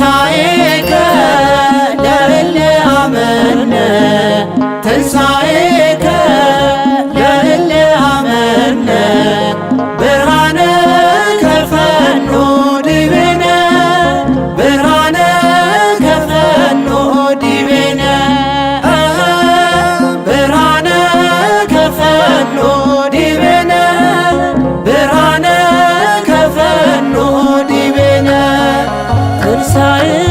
사에 ትንሣኤ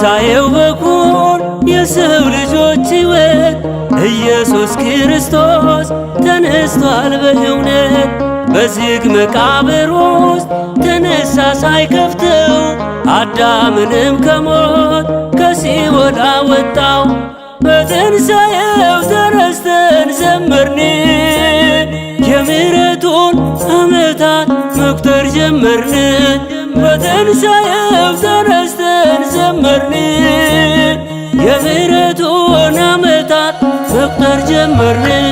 በትንሣኤው በኩል የሰው ልጆች ሕይወት ኢየሱስ ክርስቶስ ተነስቷል በእውነት። በዝግ መቃብር ውስጥ ተነሳ ሳይከፍተው አዳምንም ከሞት ከሲኦል አወጣው በትንሣኤው ተረስተ cemerlang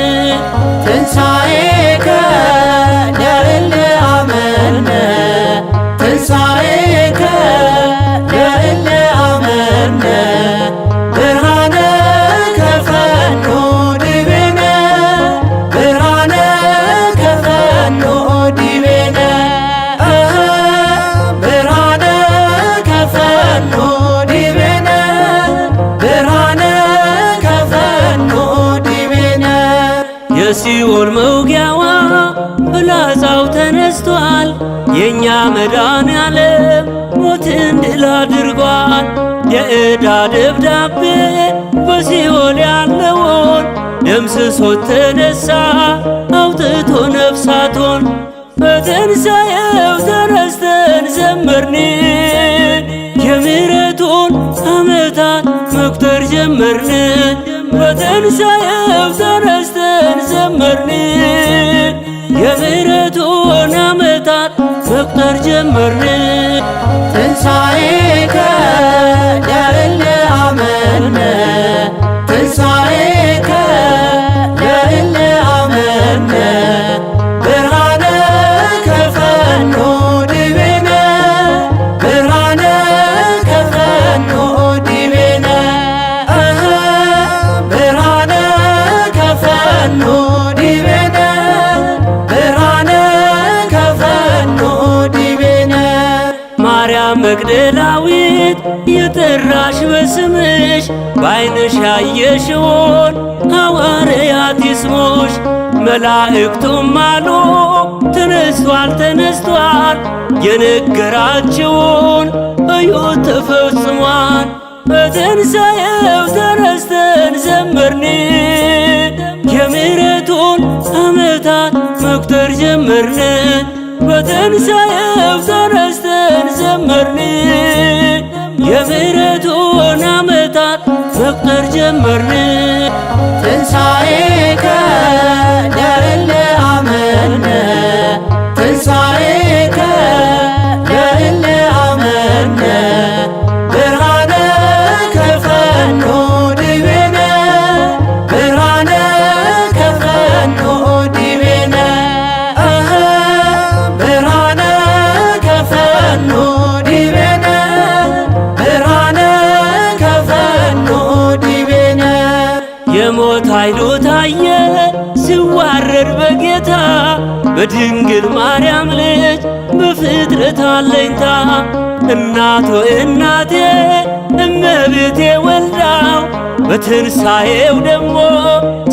አድርጓል። የእኛ መዳን ያለም ሞትን ድል አድርጓል። የዕዳ ደብዳቤ በሲኦል ያለውን ደምስሶት ተነሳ አውጥቶ ነፍሳቶን በትንሣኤው ተነስተን ዘመርን የምሕረቱን ዓመታት መቁጠር ጀመርን። በትንሣኤው ተነስተን ዘመርን የምሕረቱን ፍቅር ጀመርን ትንሣኤ መግደላዊት የጠራሽ በስምሽ ባይንሽ ያየሽውን ሐዋርያት ይስሙሽ። መላእክቱም አሉ ተነስቷል ተነስቷል፣ የነገራችውን እዩ ተፈጽሟል። በትንሣኤው ተረስተን ዘመርን የምሕረቱን ዓመታት መቁጠር ጀመርን በትንሣኤው ጀመርን የምህረቱን ዓመታት መቁጠር ጀመርን ትንሣኤ በድንግል ማርያም ልጅ በፍጥረት አለኝታ እናቶ እናቴ እመቤቴ ወልዳው በትንሣኤው ደግሞ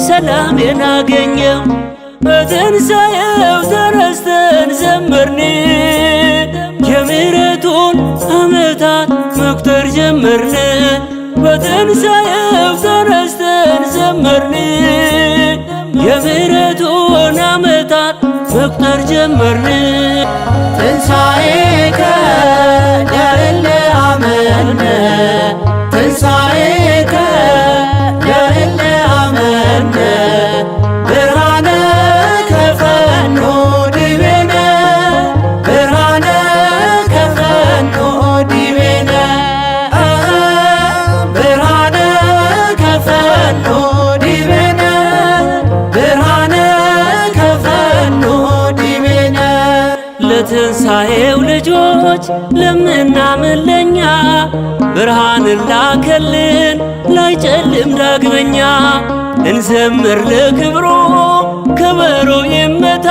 ሰላሜን አገኘው በትንሣኤው ተረስተን ዘመርኒ የምሕረቱን ዓመታት መቁጠር ጀመርን በትንሣኤው ተረስተን ዘመርኒ መቁጠር ጀመርን ትንሣኤ ልጆች ለምናምን ለኛ ብርሃንን ላከልን ላይጨልም ዳግመኛ እንዘምር ለክብሩ ከበሮ ይመታ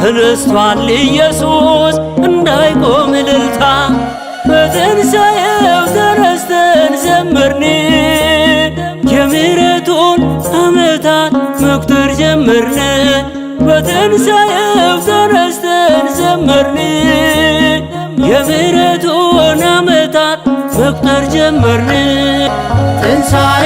ተነስቷል ኢየሱስ እንዳይቆም እልልታ በትንሣኤው ተረስተን ዘመርን የምሕረቱን ዓመታት መቁጠር ጀመርን በትንሣኤው ተረስተን ዘመርን የምሕረቱን ዓመታት መቁጠር ጀመርን ትንሣኤ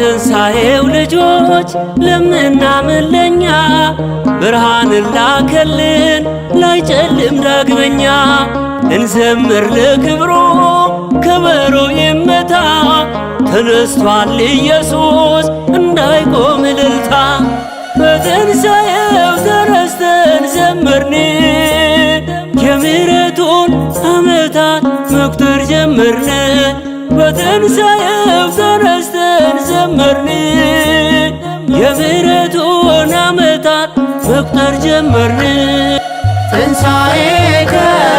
ትንሣኤው ልጆች ለምናምለኛ ብርሃን ብርሃንን ላከልን ላይጨልም ዳግመኛ እንዘምር ለክብሩ ከበሮ ይመታ ተነስቷል ኢየሱስ እንዳይቆም እልልታ በትንሣኤው ተረስተን ዘመርን የምሕረቱን ዓመታት መቁጠር ጀመርን በትንሣኤው ተረስተን ጀመርን የምሕረቱን ዓመታት መቁጠር ጀመርን ትንሣኤ